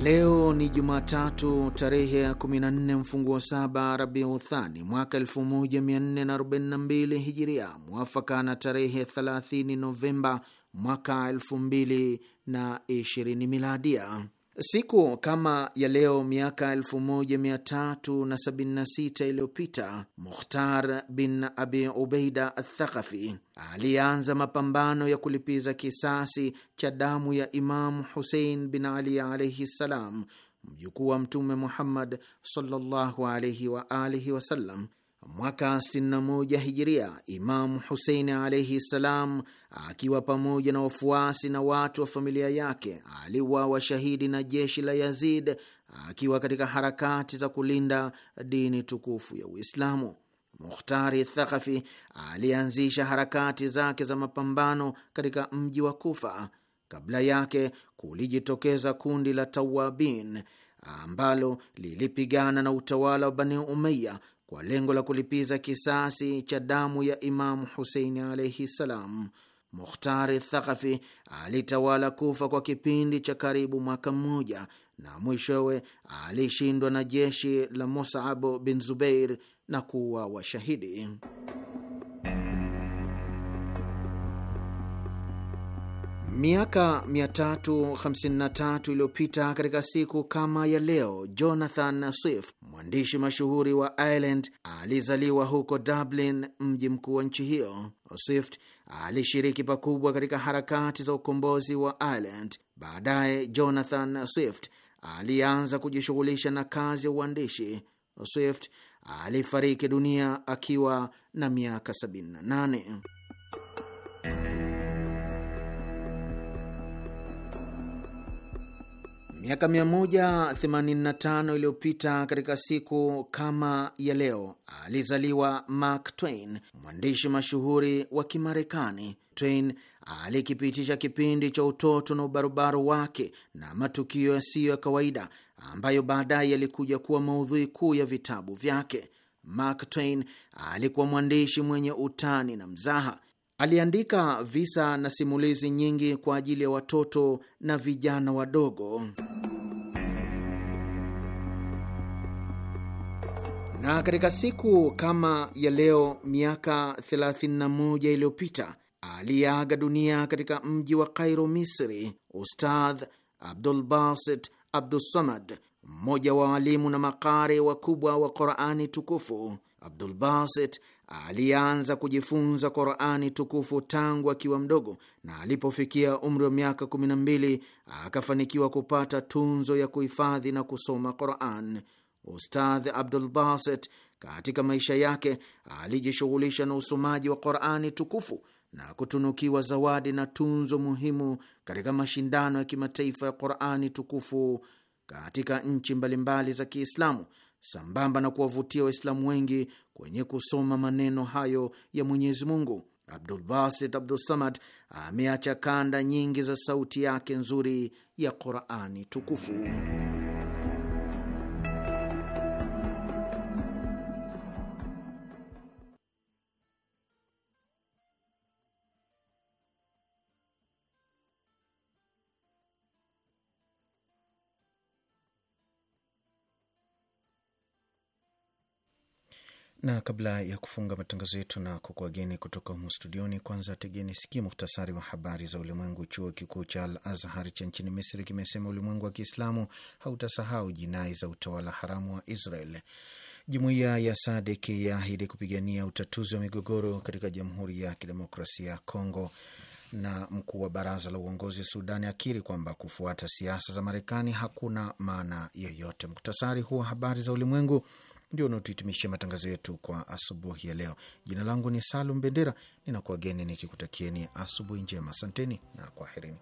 Leo ni Jumatatu tarehe ya 14 mfungu wa saba Rabiu Thani mwaka 1442 Hijiria, mwafaka na tarehe 30 Novemba mwaka 2020 Miladia. Siku kama ya leo miaka 1376 iliyopita Mukhtar bin Abi Ubeida Athaqafi alianza mapambano ya kulipiza kisasi cha damu ya Imamu Husein bin Ali alaihi ssalam, mjukuu wa Mtume Muhammad sallallahu alaihi wa alihi wasallam mwaka 61 hijiria, Imamu Huseini alaihi ssalam akiwa pamoja na wafuasi na watu wa familia yake aliuawa shahidi na jeshi la Yazid akiwa katika harakati za kulinda dini tukufu ya Uislamu. Mukhtari Thakafi alianzisha harakati zake za mapambano katika mji wa Kufa. Kabla yake kulijitokeza kundi la Tawabin ambalo lilipigana na utawala wa Bani umeya kwa lengo la kulipiza kisasi cha damu ya Imamu Huseini alaihi ssalam. Mukhtari Thakafi alitawala Kufa kwa kipindi cha karibu mwaka mmoja, na mwishowe alishindwa na jeshi la musabu bin Zubeir na kuwa washahidi. Miaka 353 iliyopita katika siku kama ya leo, Jonathan Swift, mwandishi mashuhuri wa Ireland, alizaliwa huko Dublin, mji mkuu wa nchi hiyo. Swift alishiriki pakubwa katika harakati za ukombozi wa Ireland. Baadaye Jonathan Swift alianza kujishughulisha na kazi ya uandishi. Swift alifariki dunia akiwa na miaka 78. Miaka 185 iliyopita katika siku kama ya leo alizaliwa Mark Twain, mwandishi mashuhuri wa Kimarekani. Twain alikipitisha kipindi cha utoto na ubarobaro wake na matukio yasiyo ya kawaida ambayo baadaye yalikuja kuwa maudhui kuu ya vitabu vyake. Mark Twain alikuwa mwandishi mwenye utani na mzaha Aliandika visa na simulizi nyingi kwa ajili ya watoto na vijana wadogo. Na katika siku kama ya leo miaka 31 iliyopita aliyeaga dunia katika mji wa Kairo, Misri, Ustadh Abdul Basit Abdussamad, mmoja wa walimu na makare wakubwa wa Qurani Tukufu. Abdul Basit alianza kujifunza Qurani tukufu tangu akiwa mdogo, na alipofikia umri wa miaka 12 akafanikiwa kupata tunzo ya kuhifadhi na kusoma Quran. Ustadh Abdul baset katika maisha yake alijishughulisha na usomaji wa Qurani tukufu na kutunukiwa zawadi na tunzo muhimu katika mashindano ya kimataifa ya Qurani tukufu katika nchi mbalimbali za Kiislamu sambamba na kuwavutia Waislamu wengi kwenye kusoma maneno hayo ya Mwenyezi Mungu. Abdulbasit Samad ameacha kanda nyingi za sauti yake nzuri ya Qurani tukufu. na kabla ya kufunga matangazo yetu na kukuageni kutoka humu studioni, kwanza tegeni sikia muhtasari wa habari za ulimwengu. Chuo kikuu cha Al Azhar cha nchini Misri kimesema ulimwengu wa Kiislamu hautasahau jinai za utawala haramu wa Israel. Jumuiya ya SADEK yaahidi kupigania utatuzi wa migogoro katika Jamhuri ya Kidemokrasia ya Kongo, na mkuu wa baraza la uongozi wa Sudani akiri kwamba kufuata siasa za Marekani hakuna maana yoyote. Muhtasari huu wa habari za ulimwengu ndio unaotuhitimishia matangazo yetu kwa asubuhi ya leo. Jina langu ni Salum Bendera, ninakuwageni nikikutakieni asubuhi njema. Asanteni na kwaherini.